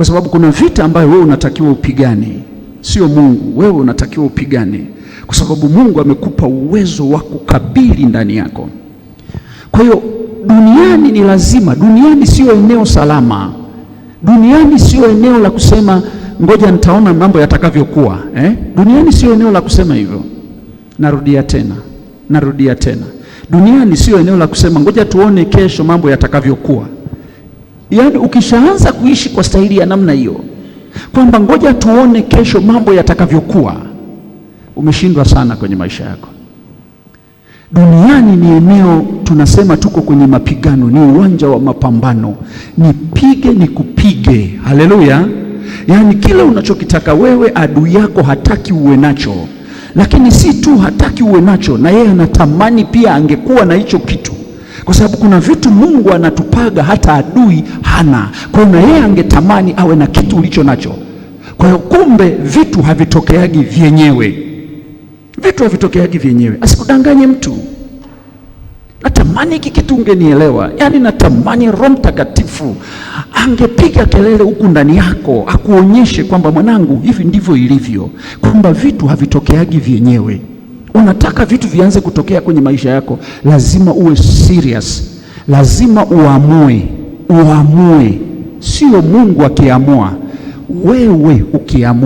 kwa sababu kuna vita ambayo wewe unatakiwa upigane, sio Mungu. Wewe unatakiwa upigane, kwa sababu Mungu amekupa uwezo wa kukabili ndani yako. Kwa hiyo duniani ni lazima, duniani sio eneo salama, duniani sio eneo la kusema ngoja nitaona mambo yatakavyokuwa eh? Duniani sio eneo la kusema hivyo. Narudia tena, narudia tena, duniani sio eneo la kusema ngoja tuone kesho mambo yatakavyokuwa. Yaani ukishaanza kuishi kwa staili ya namna hiyo kwamba ngoja tuone kesho mambo yatakavyokuwa, umeshindwa sana kwenye maisha yako. Duniani ni eneo, tunasema tuko kwenye mapigano, ni uwanja wa mapambano, nipige nikupige. Haleluya! Yaani kila unachokitaka wewe adui yako hataki uwe nacho, lakini si tu hataki uwe nacho, na yeye anatamani pia angekuwa na hicho kitu, kwa sababu kuna vitu Mungu anatupaga hata adui hana. Kwa hiyo na yeye angetamani awe na kitu ulicho nacho. Kwa hiyo kumbe vitu havitokeagi vyenyewe, vitu havitokeagi vyenyewe. Asikudanganye mtu. Natamani hiki kitu ungenielewa, yaani natamani Roho Mtakatifu angepiga kelele huku ndani yako, akuonyeshe kwamba mwanangu, hivi ndivyo ilivyo, kwamba vitu havitokeagi vyenyewe. Unataka vitu vianze kutokea kwenye maisha yako, lazima uwe serious, lazima uamue uamue, sio Mungu akiamua, wewe ukiamua.